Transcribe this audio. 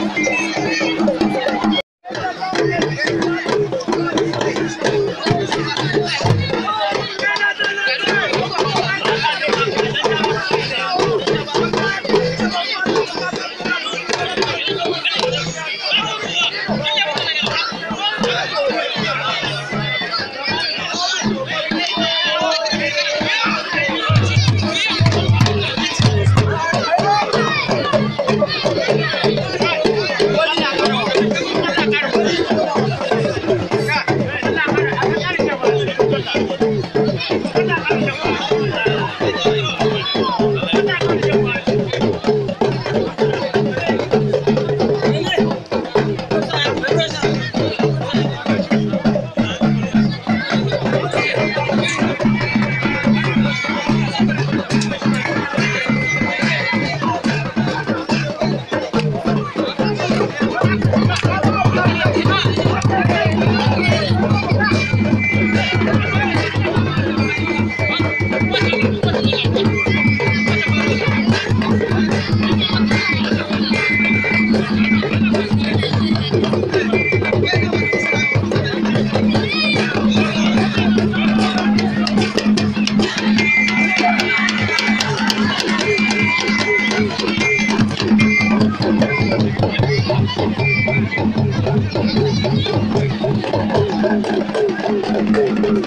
Thank you. ¡Gracias!